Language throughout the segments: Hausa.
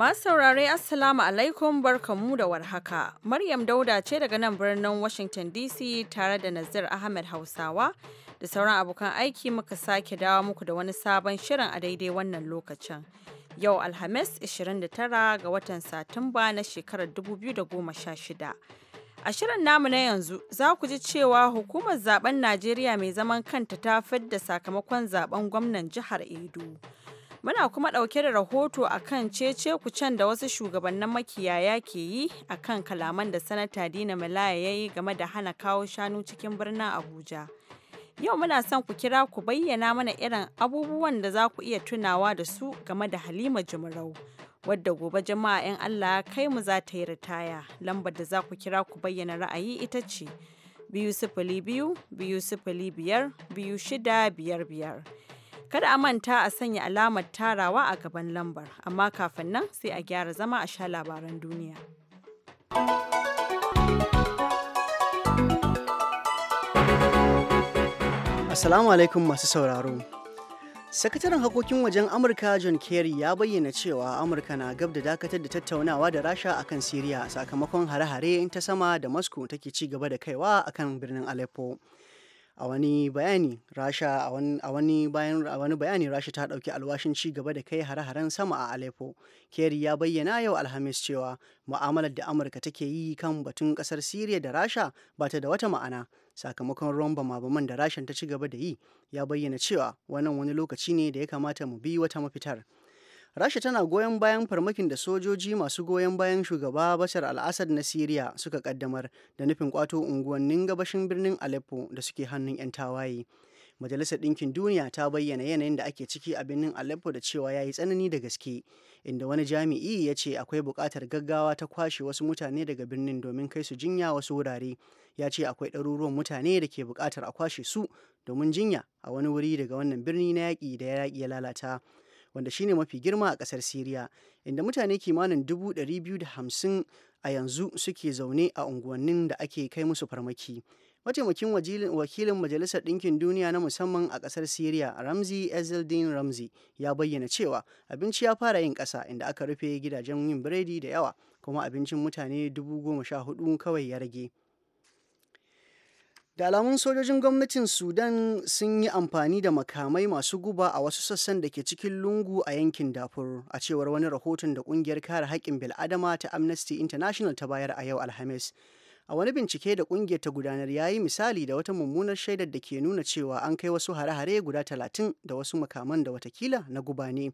Masu saurare Assalamu alaikum barkanmu da warhaka. Maryam Dauda ce daga nan birnin Washington DC tare da Nazir Ahmed Hausawa da sauran abokan aiki muka sake dawo muku da wani sabon shirin a daidai wannan lokacin. Yau Alhamis 29 ga watan Satumba na shekarar 2016. A shirin namu na yanzu za ku ji cewa hukumar zaben Najeriya mai zaman kanta ta fidda sakamakon zaben gwamnan jihar Edo. Muna kuma ɗauke da rahoto a kan cece kucen da wasu shugabannin makiyaya ke yi a kan kalaman da Sanata Dina Malaya ya yi game da hana kawo shanu cikin birnin Abuja. Yau muna son ku kira ku bayyana mana irin abubuwan da za ku iya tunawa da su game da Halima Jumarau. Wadda gobe jama'a 'yan Allah kai mu za ta yi ritaya. Lambar da za ku kira ku bayyana ra'ayi ita ce biyu sifili biyu biyu sifili biyar biyu shida biyar biyar. Kada a manta a sanya alamar tarawa a gaban lambar, amma kafin nan sai a gyara zama a sha labaran duniya. Assalamu alaikum masu sauraro. Sakataren hakokin wajen Amurka John Kerry ya bayyana cewa Amurka na gab da dakatar da tattaunawa da Rasha akan Siriya sakamakon hare-hare ta sama da Moscow take ci gaba da kaiwa akan birnin Aleppo. a wani bayani rasha a wani bayan a wani bayani rasha ta ɗauki alwashin ci gaba da kai hare-haren sama a aleppo kerry ya bayyana yau alhamis cewa mu'amalar da amurka take yi kan batun ƙasar syria da rasha ba ta da wata ma'ana sakamakon ruwan bama-baman da rashin ta ci gaba da yi ya bayyana cewa wannan wani lokaci ne da ya kamata mu bi wata mafitar Rasha tana goyon bayan farmakin da sojoji masu goyon bayan shugaba Bashar al-Assad na syria suka kaddamar da nufin kwato unguwannin gabashin birnin Aleppo da suke hannun 'yan tawaye. Majalisar Ɗinkin Duniya ta bayyana yanayin da ake ciki a birnin Aleppo da cewa ya yi tsanani da gaske, inda wani jami'i ya ce akwai buƙatar gaggawa ta kwashe wasu mutane daga birnin domin kai su jinya wasu wurare. Ya ce akwai ɗaruruwan mutane da ke buƙatar a kwashe su domin jinya a wani wuri daga wannan birni na yaƙi da yaƙi ya lalata. wanda shine mafi girma a kasar Siriya, inda mutane kimanin 250 a yanzu suke zaune a unguwannin da ake kai musu farmaki. Mataimakin wakilin Majalisar Ɗinkin Duniya na musamman a ƙasar Siriya, Ramzi Ezeldin Ramzi, ya bayyana cewa abinci ya fara yin ƙasa inda aka rufe gidajen yin biredi da yawa, kuma abincin mutane dubu kawai ya rage. da alamun sojojin gwamnatin sudan sun yi amfani da makamai masu guba a wasu sassan da ke cikin lungu a yankin dafur a cewar wani rahoton da kungiyar kare haƙƙin bil'adama ta amnesty international ta bayar a yau alhamis a wani bincike da kungiyar ta gudanar ya yi misali da wata mummunar shaidar da ke nuna cewa an kai wasu hare-hare guda talatin da wasu makaman da watakila na guba ne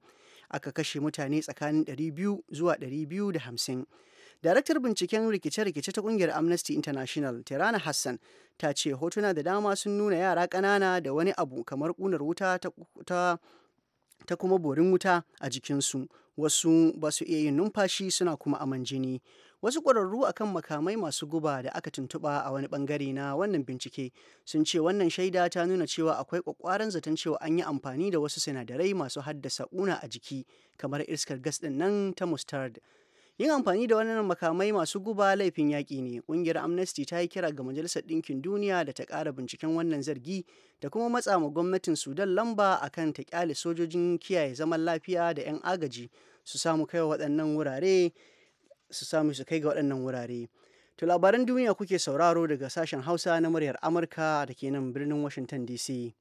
aka kashe mutane tsakanin 200 zuwa 250 Daraktar binciken rikice-rikice ta kungiyar Amnesty International, Tirana Hassan, ta ce hotuna da dama sun nuna yara ƙanana da wani abu kamar ƙunar wuta ta, kuma borin wuta a jikinsu. Wasu ba su iya yin numfashi suna kuma aman jini. Wasu ƙwararru a kan makamai masu guba da aka tuntuɓa a wani ɓangare na wannan bincike sun ce wannan shaida ta nuna cewa akwai ƙwaƙwaran zaton cewa an yi amfani da wasu sinadarai masu haddasa ƙuna a jiki kamar iskar gas ɗin nan ta mustard. Yin amfani da wannan makamai masu guba laifin yaƙi ne. Ƙungiyar Amnesty ta yi kira ga Majalisar Ɗinkin Duniya da ta ƙara binciken wannan zargi da kuma matsa ma gwamnatin Sudan lamba a kan ta ƙyale sojojin kiyaye zaman lafiya da 'yan agaji su samu kai waɗannan wurare su samu su kai ga waɗannan wurare. To labaran duniya kuke sauraro daga sashen Hausa na muryar Amurka da ke nan birnin Washington DC.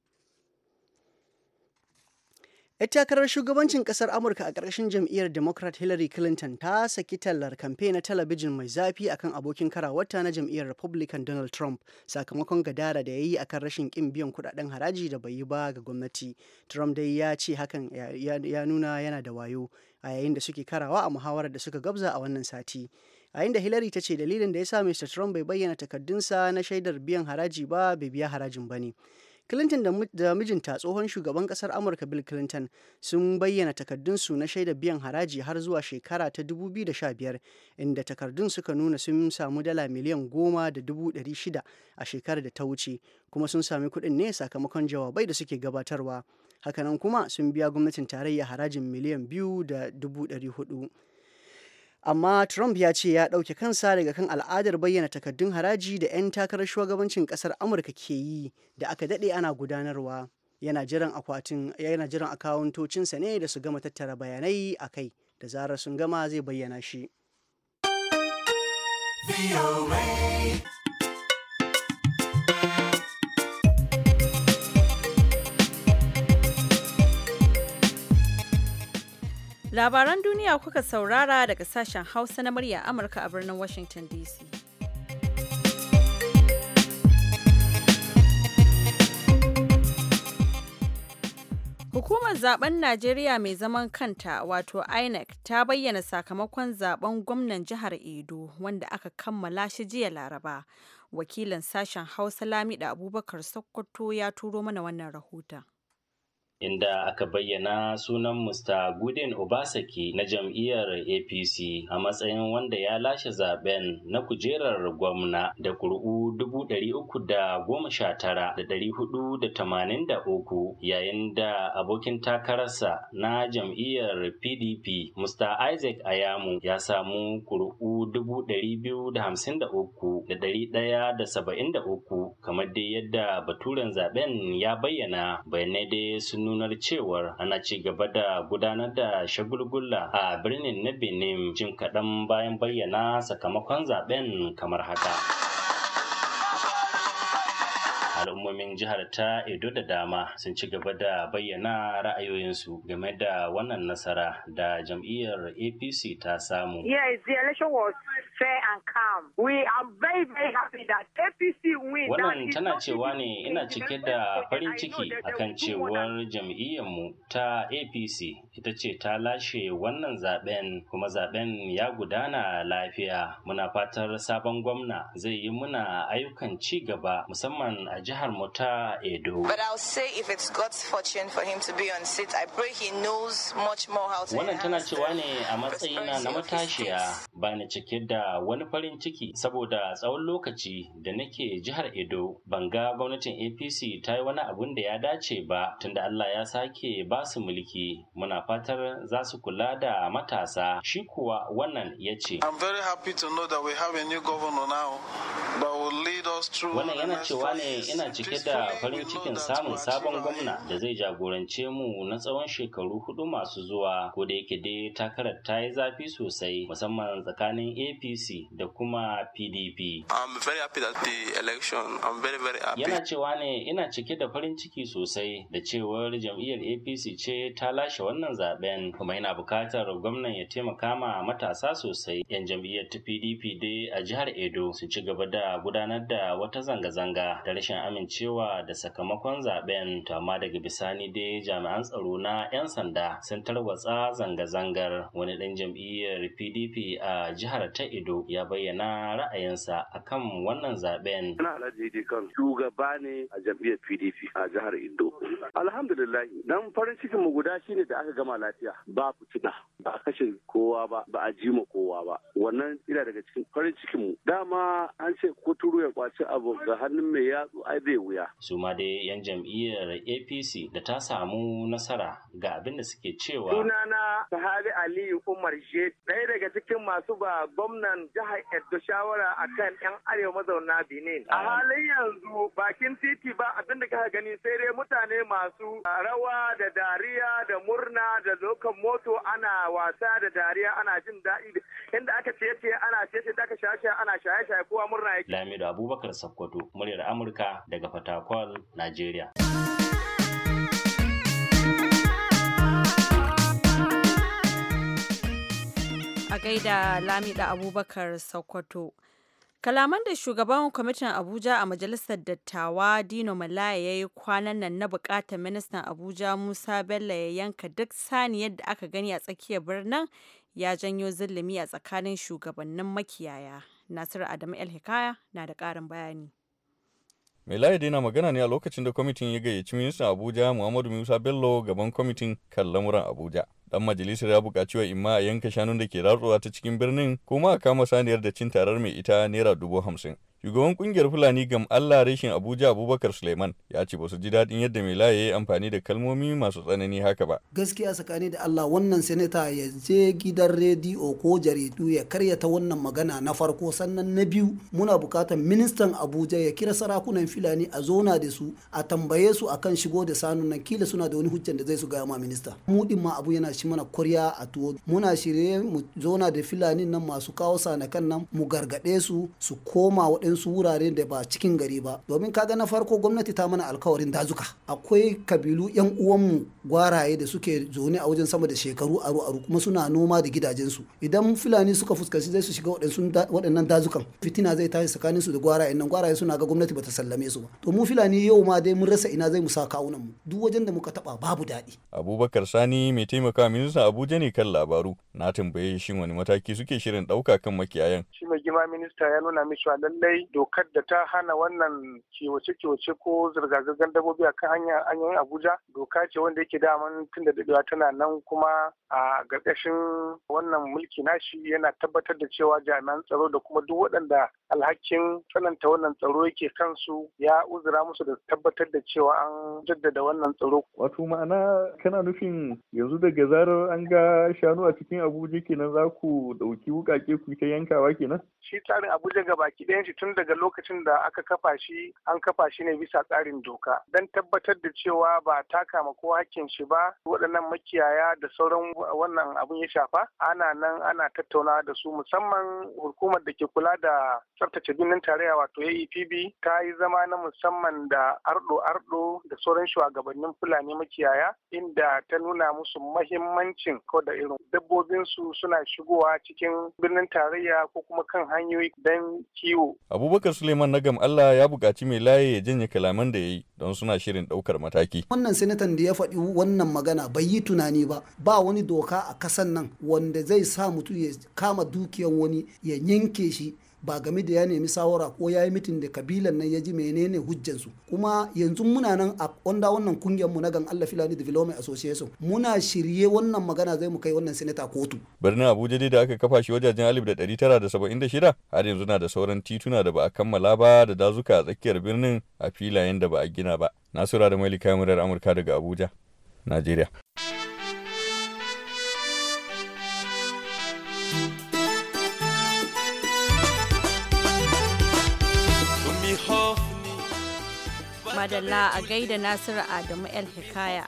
'Yar takarar shugabancin kasar Amurka a ƙarƙashin jam'iyyar Democrat Hillary Clinton ta saki tallar kamfe na talabijin mai zafi akan abokin karawarta na jam'iyyar Republican Donald Trump sakamakon gadara da ya yi akan rashin ƙin biyan kuɗaɗen haraji da bai yi ba ga gwamnati. Trump dai ya ce hakan ya nuna yana da wayo a yayin da suke karawa a muhawarar da suka gabza a wannan sati. a inda Hillary ta ce dalilin da ya sa Mr. Trump bai bayyana takardunsa na shaidar biyan haraji ba bai biya harajin ba ne. Clinton da mijinta tsohon shugaban kasar Amurka Bill Clinton sun bayyana takardunsu na shaida biyan haraji har zuwa shekara ta 2015 inda takardun suka nuna sun samu dala miliyan goma da dubu shida a shekarar da ta wuce kuma sun sami kuɗin ne sakamakon jawabai da suke gabatarwa. Hakanan kuma sun biya gwamnatin tarayya harajin miliyan biyu da dubu amma trump ya ce ya ɗauke kansa daga kan al'adar bayyana takaddun haraji da 'yan takarar shugabancin ƙasar amurka ke yi da aka daɗe ana gudanarwa yana jiran akwatin yana jiran akawuntocinsa ne da su gama tattara bayanai a kai da zarar sun gama zai bayyana shi Labaran duniya kuka saurara daga sashen Hausa na murya Amurka a birnin Washington DC. Hukumar zaben Najeriya mai zaman kanta wato INEC ta bayyana sakamakon zaben gwamnan jihar Edo wanda aka kammala shi jiya Laraba. Wakilin sashen Hausa Lamida Abubakar Sokoto ya turo mana wannan rahoton. inda aka bayyana sunan Mr. Gudin Obasaki na jam'iyyar APC a matsayin wanda ya lashe zaben na kujerar gwamna da kuri'u 319,483 yayin da abokin takararsa na jam'iyyar PDP Mr. Isaac Ayamu ya samu kuri'u 253,173 kamar dai yadda baturen zaben ya bayyana bayanai dai sun nunar cewar ana ci gaba da gudanar da shagulgula a birnin na Benin jin kaɗan bayan bayyana sakamakon zaben kamar haka. al'ummomin jihar ta Edo da dama sun ci gaba da bayyana ra'ayoyinsu game da wannan nasara da jam'iyyar APC ta samu. Wannan tana cewa ne ina cike da farin ciki akan cewar jam'iyyarmu ta APC ita ce ta lashe wannan zaben kuma zaben ya gudana lafiya. Muna fatar sabon gwamna zai yi muna ayyukan ci gaba musamman a jihar jihar mu ta Edo. But I'll say if it's God's fortune for him to be on seat, I pray he knows much more how to Wannan tana cewa ne a matsayina na matashiya ba ni cike da wani farin ciki saboda tsawon lokaci da nake jihar Edo ban ga gwamnatin APC ta yi wani abun da ya dace ba tunda Allah ya sake ba su mulki muna fatar za su kula da matasa shi kuwa wannan ya ce. I'm very happy to know that we have a new governor now that will lead us through Wannan yana cewa ne ina cike da farin cikin samun sabon gwamna da zai jagorance mu na tsawon shekaru hudu masu zuwa ko da yake dai takarar ta yi zafi sosai musamman tsakanin APC da kuma PDP. Yana cewa ne ina cike da farin ciki sosai da cewar jam'iyyar APC ce ta lashe wannan zaben kuma yana bukatar gwamnan ya taimaka ma matasa sosai 'yan jam'iyyar ta PDP dai a jihar Edo su ci gaba da gudanar da wata zanga-zanga da rashin amincewa da sakamakon zaben to amma daga bisani dai jami'an tsaro na 'yan sanda sun tarwatsa zanga-zangar wani ɗan jam'iyyar pdp a jihar ta ido ya bayyana ra'ayinsa a kan wannan zaben ina alhaji kan shugaba ne a jam'iyyar pdp a jihar ido alhamdulillah dan farin cikin mu guda shine da aka gama lafiya ba fitina ba a kashe kowa ba ba a jima kowa ba wannan ina daga cikin farin cikin mu dama an ce ko turu ya kwaci abu ga hannun mai yatsu ai bai wuya. su ma dai yan jam'iyyar apc da ta samu nasara ga abin da suke cewa. sunana sahari aliyu umar je ɗaya daga cikin masu ba gwamnan jihar edo shawara a kan yan arewa mazauna benin a halin yanzu bakin titi ba abin da kaka gani sai dai mutane masu rawa da dariya da murna da dokan moto ana wasa da dariya ana jin daɗi inda aka ce ce ana ce ce da aka shaye ana shaye shaye kowa murna yake. Lamido Abubakar Sakkwato muryar Amurka daga Fatakwal, Najeriya. A gaida Lamida Abubakar Sokoto. Kalaman da shugaban kwamitin Abuja a Majalisar Dattawa Dino Malaya ya yi kwanan nan na bukatar ministan Abuja Musa Bello ya yanka duk saniyar da aka gani a tsakiyar birnin ya janyo zillimi a tsakanin shugabannin makiyaya. Nasiru Adamu El Hikaya na da ƙarin bayani. Melaide na magana ne a lokacin da kwamitin ya gayyaci ministan Abuja Muhammadu Musa Bello gaban kwamitin kan lamuran Abuja. dan majalisar ya buƙaci wa imma a yanka shanun da ke ratsuwa ta cikin birnin kuma a kama saniyar da cin tarar mai ita naira dubu hamsin shugaban kungiyar fulani gam allah reshin abuja abubakar suleiman ya ce ba su ji daɗin yadda mai laye ya amfani da kalmomi masu tsanani haka ba gaskiya tsakani da allah wannan seneta ya je gidan rediyo ko jaridu ya karyata wannan magana na farko sannan na biyu muna bukatar ministan abuja ya kira sarakunan fulani a zona da su a tambaye su akan shigo da sanun nan kila suna da wani hujjan da zai su gaya ma minista mu ma abu yana ci mana kurya a tuwo muna shirye mu zona da filani nan masu kawo sanakan nan mu gargade su su koma waɗansu wurare da ba cikin gari ba domin kaga na farko gwamnati ta mana alkawarin dazuka akwai kabilu yan uwanmu gwaraye da suke zaune a wajen sama da shekaru aru aru kuma suna noma da gidajensu idan filani suka fuskanci zai su shiga waɗannan dazukan fitina zai tashi tsakanin su da gwaraye nan gwaraye suna ga gwamnati bata sallame su ba to mu filani yau ma dai mun rasa ina zai mu sa kawunan mu duk wajen da muka taba babu daɗi abubakar sani mai taimaka ministan Abuja ne kan labaru na tambaye shi wani mataki suke shirin ɗauka kan makiyayan. Shi mai gima minista ya nuna mishi lallai dokar da ta hana wannan kiwace-kiwace ko zirga-zirgar dabbobi a kan hanyoyin Abuja doka ce wanda yake daman tun da daɗewa tana nan kuma a ƙarƙashin wannan mulki nashi yana tabbatar da cewa jami'an tsaro da kuma duk waɗanda alhakin tsananta wannan tsaro yake kansu ya uzura musu da tabbatar da cewa an jaddada wannan tsaro. Wato ma'ana kana nufin yanzu daga zarar an ga shanu a cikin Abuja kenan za ku ɗauki wukake ku ta yankawa kenan? Shi tsarin Abuja ga baki ɗayan shi tun daga lokacin da aka kafa shi an kafa shi ne bisa tsarin doka don tabbatar da cewa ba taka ma ko hakkin shi ba waɗannan makiyaya da sauran wannan abun ya shafa ana nan ana tattauna da su musamman hukumar da ke kula da tsaftace birnin tarayya wato AEPB ta yi zama na musamman da ardo ardo da sauran shugabannin Fulani makiyaya inda ta nuna musu mahimmanci muhimmancin ko da irin dabbobinsu suna shigowa cikin birnin tarayya ko kuma kan hanyoyi don kiwo. Abubakar Suleiman na Nagam Allah ya bukaci mai laye ya janye kalaman da ya yi don suna shirin ɗaukar mataki. Wannan senatan da ya faɗi wannan magana bai yi tunani ba ba wani doka a kasan nan wanda zai sa mutum ya kama dukiyar wani ya yanke shi ba game da ya nemi sawara ko ya yi mitin da kabilan nan ya ji menene hujjansu kuma yanzu muna nan a wanda wannan kungiyar mu na gan Allah Filani Development Association muna shirye wannan magana zai mu kai wannan sinata kotu birnin Abuja dai da aka kafa shi wajajen 1976 har yanzu na da sauran tituna da ba a kammala ba da dazuka a tsakiyar birnin a filayen da ba a gina ba Nasura da Malika Murar Amurka daga Abuja Najeriya madalla a gaida Nasiru Adamu El Hikaya.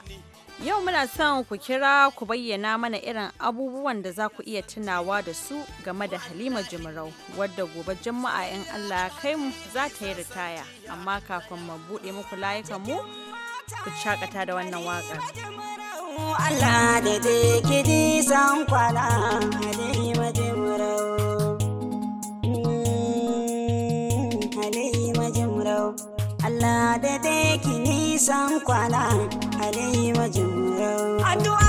Yau muna son ku kira ku bayyana mana irin abubuwan da za ku iya tunawa da su game da Halima Jimarau wadda gobe Juma'a in Allah kai mu za ta yi ritaya. Amma kafin mu buɗe muku layukan mu ku shakata da wannan waƙar. Allah da take san kwana Halima Jimarau. Allah da dai nisan kwana Halima Jumrau. Addu'a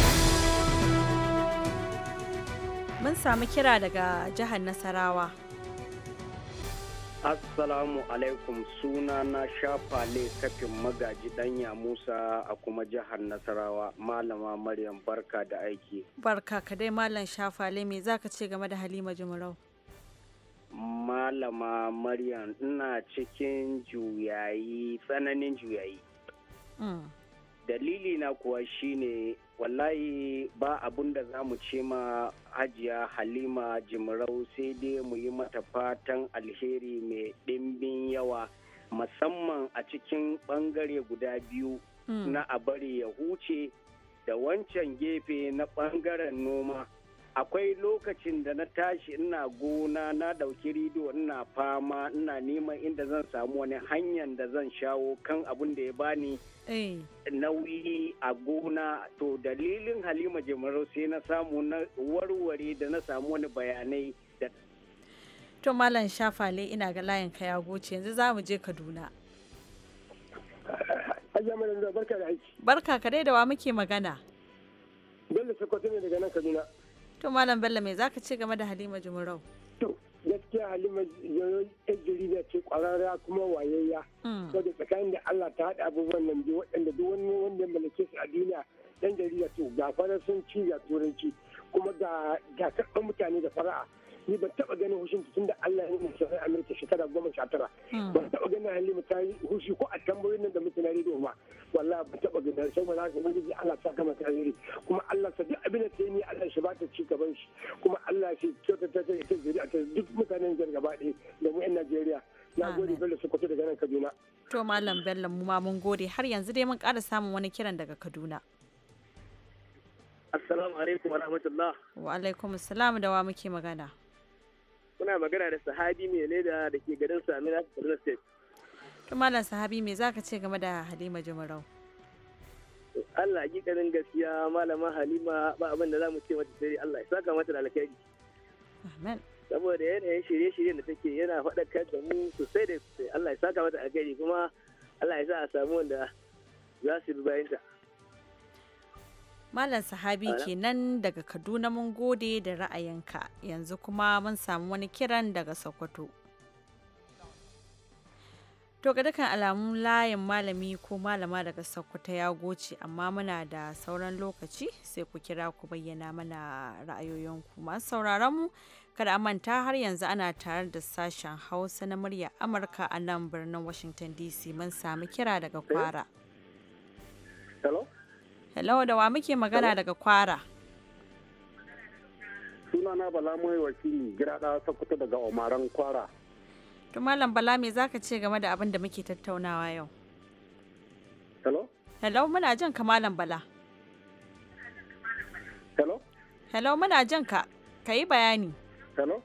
samu kira daga jihar Nasarawa. Assalamu alaikum suna na shafale kafin magaji danya Musa a kuma jihar Nasarawa Malama Maryam barka da aiki. Barka ka dai Malam shafale me zaka ce game da Halima Jumrau? Malama Maryam ina cikin juyayi tsananin juyayi. Mm. Dalili na kuwa shine wallahi ba abun da za mu ce ma hajiya halima jimarau sai dai mu yi mata fatan alheri mai ɗimbin yawa musamman a cikin ɓangare guda biyu mm. na abari ya huce da wancan gefe na ɓangaren noma. akwai lokacin da na tashi ina gona na dauki rido ina fama ina neman inda zan samu wani hanyar da zan shawo kan abin da ya bani eh. nauyi a gona to dalilin halima jimarau sai na samu na warware da na samu wani bayanai da to malam shafale ina ga layin ka ya goce yanzu za mu je kaduna barka da aiki barka ka dai da wa muke magana bello sokoto ne daga nan kaduna to malam bello me zaka ce game da halima jumurau to gaskiya halima jumurau yan jarida ce kwararra kuma wayayya hmm. saboda tsakanin da allah ta haɗa abubuwan nan biyu waɗanda duk wani wanda mallake su a duniya yan jarida to ga sun ci ga turanci kuma ga ga karɓar mutane da fara'a ni ban taɓa ganin hushin tun da allah ya nuna sanar amurka shekara goma sha tara hmm. ban taɓa ganin halima ta yi hushi ko a tambayoyin nan da mutane rediyo ba wallahi ban taɓa ganin saboda haka ubangiji allah ta gama ta kuma allah sa duk kabilar ɗaya ne Allah shi ba ta ci gaban shi kuma Allah shi kyautata ta ita zuri'a ta duk mutanen jar gaba ɗaya da mu 'yan Najeriya. Na gode Bello su kwato daga nan Kaduna. To Malam Bello mu ma mun gode har yanzu dai mun ƙara samun wani kiran daga Kaduna. Assalamu alaikum wa rahmatullah. Wa alaikum assalam da wa muke magana. Kuna magana da sahabi mai leda da ke garin Samina Kaduna State. To Malam Sahabi mai zaka ce game da Halima Jumarau? Allah hakikanin gaskiya malama Halima ba abin da za mu ce mata sai Allah ya saka mata da alkhairi. Amen. Saboda yanayin shirye-shiryen da take yana faɗakar da mu sosai da sosai Allah ya saka mata alkhairi kuma Allah ya sa a samu wanda za su bi bayanta. Malam Sahabi kenan daga Kaduna mun gode da ra'ayinka yanzu kuma mun samu wani kiran daga Sokoto. To ga dukkan alamun layin malami ko malama daga Sokoto ya goce amma muna da sauran lokaci sai ku kira ku bayyana mana ra'ayoyinku masu sauraron mu kada manta har yanzu ana tare da sashen Hausa na murya Amurka a nan birnin Washington DC mun sami kira daga Kwara. Hello? Hello da wa muke magana daga Kwara? Sunana Bala Mai Wakili Girada Sokoto daga Omaran Kwara. To Malam Bala me zaka ce game da abin da muke tattaunawa yau? Hello? Hello muna jin ka Malam Bala. Hello? Hello muna jin ka. Ka yi bayani. Hello?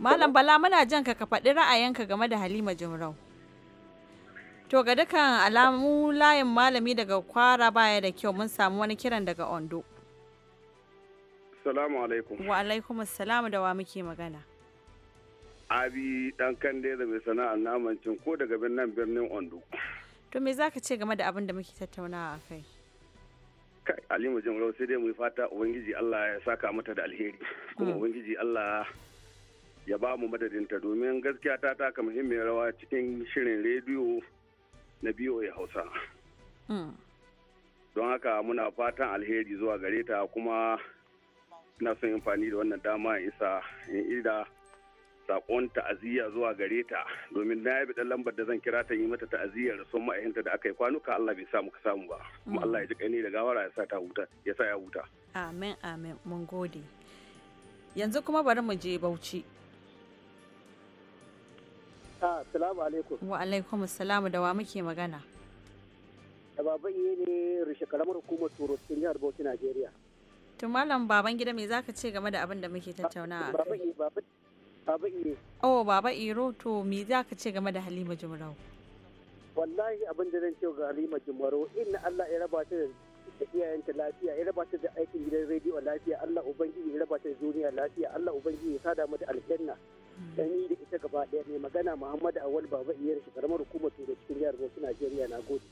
Malam Bala muna jin ka ka faɗi ra'ayinka game da Halima Jimrau. To ga dukan alamu layin malami daga kwara baya da kyau mun samu wani kiran daga Ondo. Salamu alaikum. Wa alaikum assalamu da wa muke magana. abi dan kande da mai sana'ar naman cin ko daga birnin birnin ondo to me zaka ce game da abin da muke tattaunawa a kai kai alimu jin sai dai mu fata ubangiji allah ya saka mata da alheri kuma mm. ubangiji allah ya ba mu madadinta domin gaskiya ta taka muhimmiyar rawa cikin shirin rediyo na biyo ya hausa mm. don haka muna fatan alheri zuwa gare ta kuma na son amfani da wannan dama isa in ida sakon ta'aziyya zuwa gare ta domin na yabi dan lambar da zan kira ta yi mata ta'aziyyar sun ma'ahinta da aka yi kwanuka Allah bai samu ka samu ba kuma mm. Allah ya ji kani da gawara ya sa ta huta ya sa ya huta amin amin mun gode yanzu kuma bari mu je Bauchi Assalamu ah, alaikum. Wa alaikum assalamu da wa muke magana. Da baban yi ne rushe karamar hukumar Turo cikin jihar Bauchi Najeriya. Tumalan baban gida me zaka ce game da abin da muke tattaunawa? baban Baba Iro. Oh, Baba Iro, to me za ka ce game da Halima Jumarau? Wallahi abin da zan ce ga Halima Jumarau. inna Allah ya raba ta da iyayenta lafiya, ya raba ta da aikin gidan rediyo lafiya, Allah Ubangiji ya raba ta da duniya lafiya, Allah Ubangiji ya sada mata aljanna. Hmm. da da ita gaba ɗaya ne magana Muhammadu Awal Baba Iyar shi karamar hukumar Turai cikin jihar Bauchi Najeriya na gode.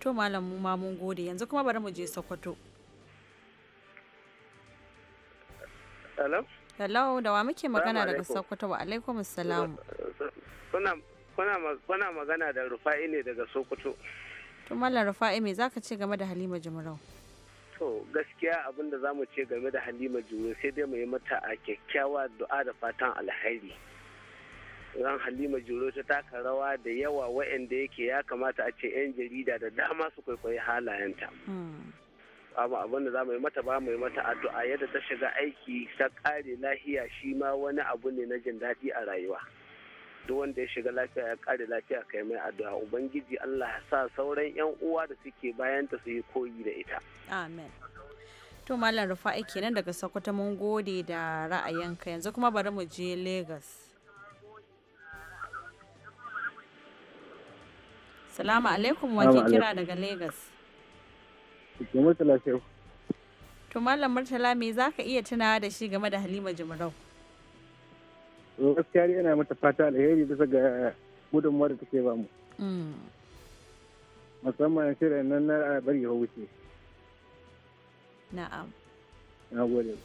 To malam mu ma mun gode yanzu kuma bari mu je Sokoto. Hello? Hello, da wa muke magana daga Sokoto wa alaikum salam. Kuna magana da Rufa'i ne daga Sokoto. To Rufa'i me zaka ce game da Halima Jumrau? To gaskiya abin da zamu ce game da Halima Jumrau sai dai mu yi mata a kyakkyawa du'a da fatan alheri. Ran Halima Jumrau ta taka rawa da yawa wa'anda yake ya kamata a ce 'yan jarida da dama su kwaikwayi halayenta. Hmm. kama abin da za mu yi mata ba mu yi mata addu'a yadda ta shiga aiki ta kare lafiya shi ma wani abu ne na jin daɗi a rayuwa duk wanda ya shiga lafiya ya kare lafiya kai mai addu'a ubangiji Allah ya sa sauran yan uwa da suke bayan bayanta su yi koyi da ita amen to mallam rufa'i kenan daga sokoto mun gode da ra'ayinka yanzu kuma bari mu je lagos salamu alaikum wake kira daga lagos Ke Murtala Shehu. To Malam Murtala me za ka iya tunawa da shi game da Halima Jimarau? Jumarau? Gaskiya dai yana mata fata alheri bisa ga gudunmuwar da take ba mu. Mm. Musamman shirin nan na bari ya wuce. Na'am. Na gode.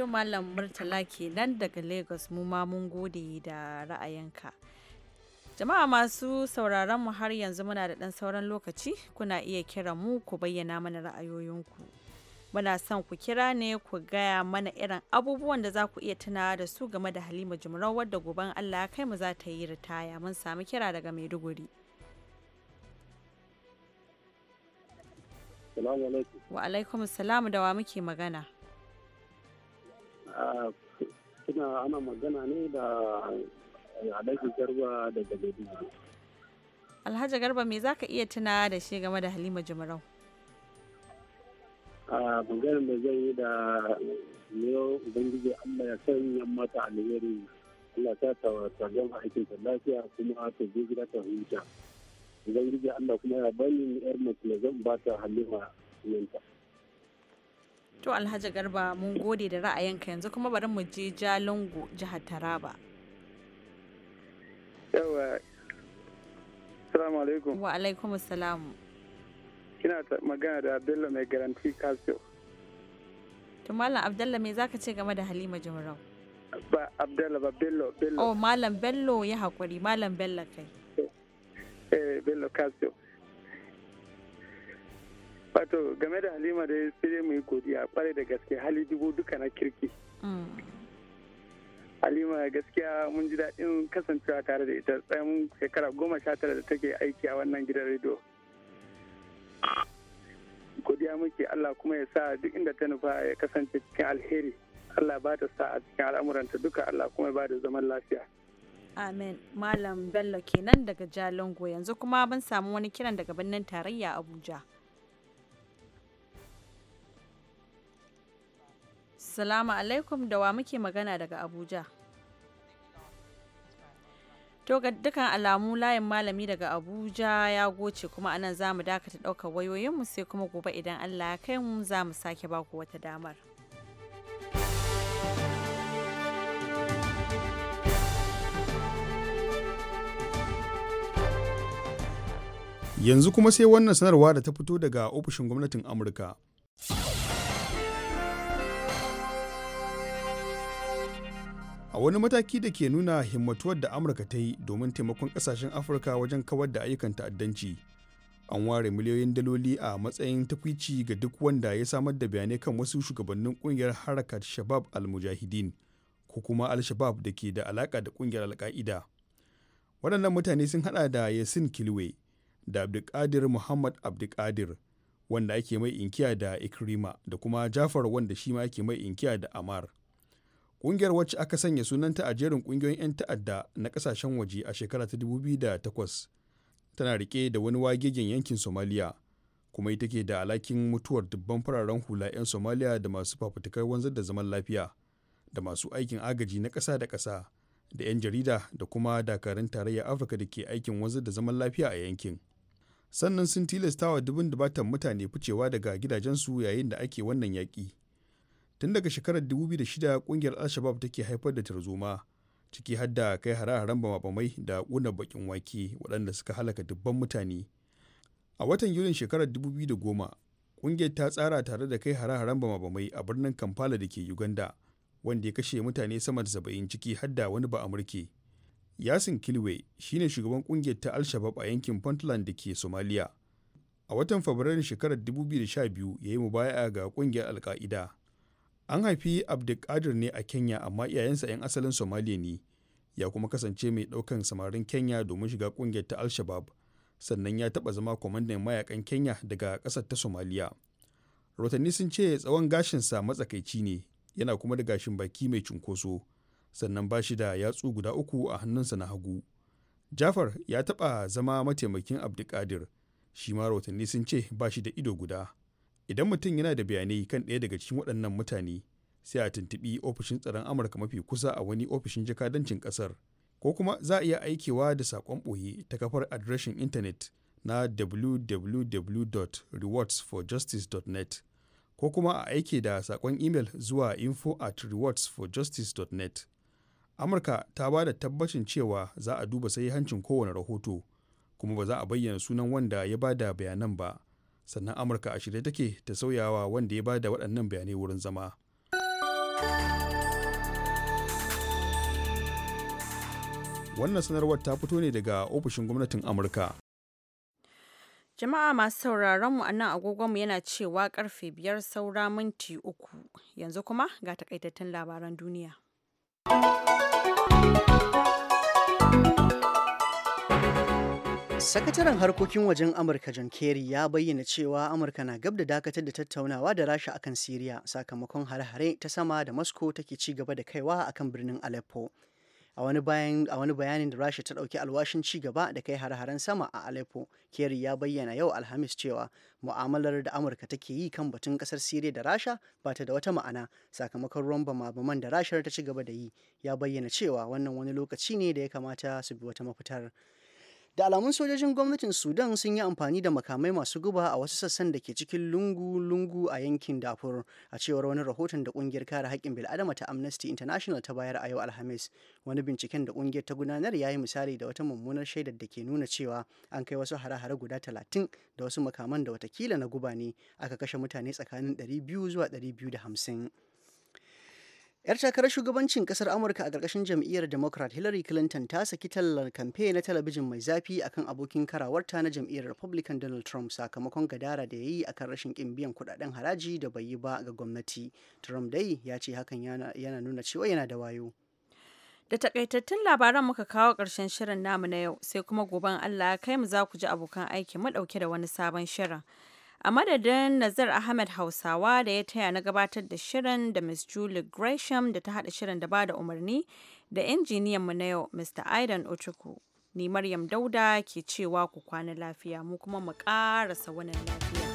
To Malam Murtala kenan daga Lagos mu ma mun gode da ra'ayinka. Jama'a masu sauraron mu har yanzu muna da ɗan sauran lokaci kuna iya kira mu ku bayyana mana ra'ayoyinku. Muna son ku kira ne ku gaya mana irin abubuwan da za ku iya tunawa da su game da Halima Jumrau wadda goban Allah ya kai mu za ta yi ritaya. Mun sami kira daga Maiduguri. Salamu Wa alaikum salamu da wa muke magana. Ah, ana magana ne da Alhaji Garba daga Maiduguri. Alhaji Garba me za ka iya tuna da shi game da Halima Jumarau? A bangaren da zai yi da yau Ubangiji Allah ya sanya mata alheri Allah ta ta gama aikin ta lafiya kuma ta zai gida ta huta. Ubangiji Allah kuma ya bani yar mace zan bata ta Halima yanta. To Alhaji Garba mun gode da ra'ayinka yanzu kuma bari mu je Jalingo jihar Taraba. yawa salamu alaikum wa alaikum salamu kina magana da abdullah mai garanti calcio to malam abdullah me zaka ce game da halima jimrau ba abdullah ba bello bello oh malam bello ya hakuri malam bello kai eh bello calcio wato game da halima da sai mu yi godiya kware da gaske hali dubu duka na kirki mm. halima gaskiya mun ji daɗin kasancewa tare da ita tsayin shekara goma sha tara da take aiki a wannan gidan rediyo godiya muke allah kuma ya sa duk inda ta nufa ya kasance cikin alheri allah ba ta sa a cikin al'amuranta duka allah kuma ba da zaman lafiya amen malam bello kenan daga jalingo yanzu kuma ban samu wani kiran daga birnin tarayya abuja Assalamu alaikum da wa muke magana daga Abuja. To ga dukkan alamu layin malami daga Abuja ya goce kuma anan za mu dakata ɗaukar wayoyinmu sai kuma gobe idan Allah ya kai mu za mu sake baku wata damar. Yanzu kuma sai wannan sanarwa da ta fito daga ofishin gwamnatin Amurka. a wani mataki da ke nuna himmatuwar da amurka ta yi domin taimakon kasashen afirka wajen kawar da ayyukan ta'addanci an ware miliyoyin daloli a matsayin tafici ga duk wanda ya samar da bayanai kan wasu shugabannin kungiyar harakat shabab al-mujahideen ko kuma al-shabab da ke da alaka da kungiyar al-qaida waɗannan mutane sun hada da yasin kilwe da abdulkadir muhammad abdulkadir wanda ake mai inkiya da ikrima da kuma jafar wanda shi ma ake mai inkiya da amar Ƙungiyar wacce aka sanya sunanta a jerin ƙungiyoyin 'yan ta'adda na ƙasashen waje a shekara ta 2008 tana rike da wani wagegen yankin Somalia kuma ita ke da alhakin mutuwar dubban fararen hula 'yan Somalia da masu fafutukar wanzar da zaman lafiya da masu aikin agaji na ƙasa da ƙasa da 'yan jarida da kuma dakarun tarayyar Afirka da ke aikin wanzar da zaman lafiya a yankin. Sannan sun tilastawa dubin dubatan mutane ficewa daga gidajensu yayin da ake wannan yaƙi. tun daga shekarar 2006 kungiyar al-shabab take haifar da tarzoma ciki har da kai hare-haren bamabamai da kuna bakin wake waɗanda suka halaka dubban mutane a watan yulin shekarar 2010 kungiyar ta tsara tare da kai hare-haren bamabamai a birnin kampala da ke uganda wanda ya kashe mutane sama da saba'in ciki har da wani ba amurke yasin kilwe shine shugaban kungiyar ta al-shabab a yankin puntland da ke somalia a watan fabrairun shekarar 2012 ya yi mubaya'a ga kungiyar al-qaida An haifi Abdulkadir ne a Kenya amma iyayensa 'yan asalin somaliya ne, ya kuma kasance mai ɗaukan samarin Kenya domin shiga ƙungiyar ta Al-Shabab, sannan ya taɓa zama kwamandan mayakan Kenya daga ƙasar ta somaliya Rotanni sun ce tsawon gashinsa matsakaici ne, yana kuma da gashin baki mai cunkoso, sannan ba shi da yatsu guda uku a hannunsa na hagu. Jafar ya taɓa zama mataimakin Abdulkadir, shi ma rotanni sun ce ba shi da ido guda. idan mutum yana da bayanai kan ɗaya daga cikin waɗannan mutane sai a tuntuɓi ofishin tsaron amurka mafi kusa a wani ofishin jakadancin ƙasar ko kuma za a iya aikewa da saƙon ɓoye ta kafar adireshin intanet na www.rewardsforjustice.net ko kuma a aike da saƙon imel zuwa info at rewardsforjustice.net amurka ta ba da tabbacin cewa za a duba sai hancin kowane rahoto kuma ba za a bayyana sunan wanda ya ba da bayanan ba sannan amurka a shirye take ta sauyawa wanda ya ba da waɗannan bayanai wurin zama wannan sanarwar ta fito ne daga ofishin gwamnatin amurka jama'a masu sauraron mu a nan agogonmu yana cewa karfe biyar saura minti uku yanzu kuma ga takaitattun labaran duniya. Sakataren harkokin wajen Amurka John Kerry ya bayyana cewa Amurka na gab da dakatar da tattaunawa da Rasha akan Siriya sakamakon hare-hare ta sama da Moscow take ci gaba da kaiwa akan birnin Aleppo. A wani bayanin da Rasha ta ɗauki alwashin ci gaba da kai hare-haren sama a Aleppo, Kerry ya bayyana yau Alhamis cewa mu'amalar da Amurka take yi kan batun ƙasar Siriya da Rasha ba ta da wata ma'ana sakamakon ruwan bama-baman da Rasha ta ci gaba da yi. Ya bayyana cewa wannan wani lokaci ne da ya kamata su bi wata mafitar. da alamun sojojin gwamnatin sudan sun yi amfani da makamai masu guba a wasu sassan da ke cikin lungu-lungu a yankin dafur a cewar wani rahoton da kungiyar kare haƙƙin bil'adama ta amnesty international ta bayar a yau alhamis wani binciken da kungiyar ta gudanar ya yi misali da wata mummunar shaidar da ke nuna cewa an kai wasu hare-hare guda talatin da wasu makaman da watakila na guba ne aka kashe mutane tsakanin 200 zuwa 250 'Yar takarar shugabancin kasar Amurka a ƙarƙashin jam'iyyar Democrat Hillary Clinton ta saki tallar kamfe na talabijin mai zafi akan abokin karawarta na jam'iyyar Republican Donald Trump sakamakon gadara da ya yi akan rashin ƙin biyan kuɗaɗen haraji da bai yi ba ga gwamnati. Trump dai ya ce hakan yana nuna cewa yana da wayo. Da takaitattun labaran muka kawo ƙarshen shirin namu na yau sai kuma goben Allah ya kai mu za ku ji abokan aiki mu ɗauke da wani sabon shirin. a madadin Nazar Ahmed Hausawa da ya taya na gabatar da shirin da Miss Julie Gresham da ta haɗa shirin da ba da umarni da injiniyanmu na yau Mr. Aidan Ochuku. Ni Maryam Dauda ke cewa ku kwana lafiya mu kuma mu ƙarasa wannan lafiya.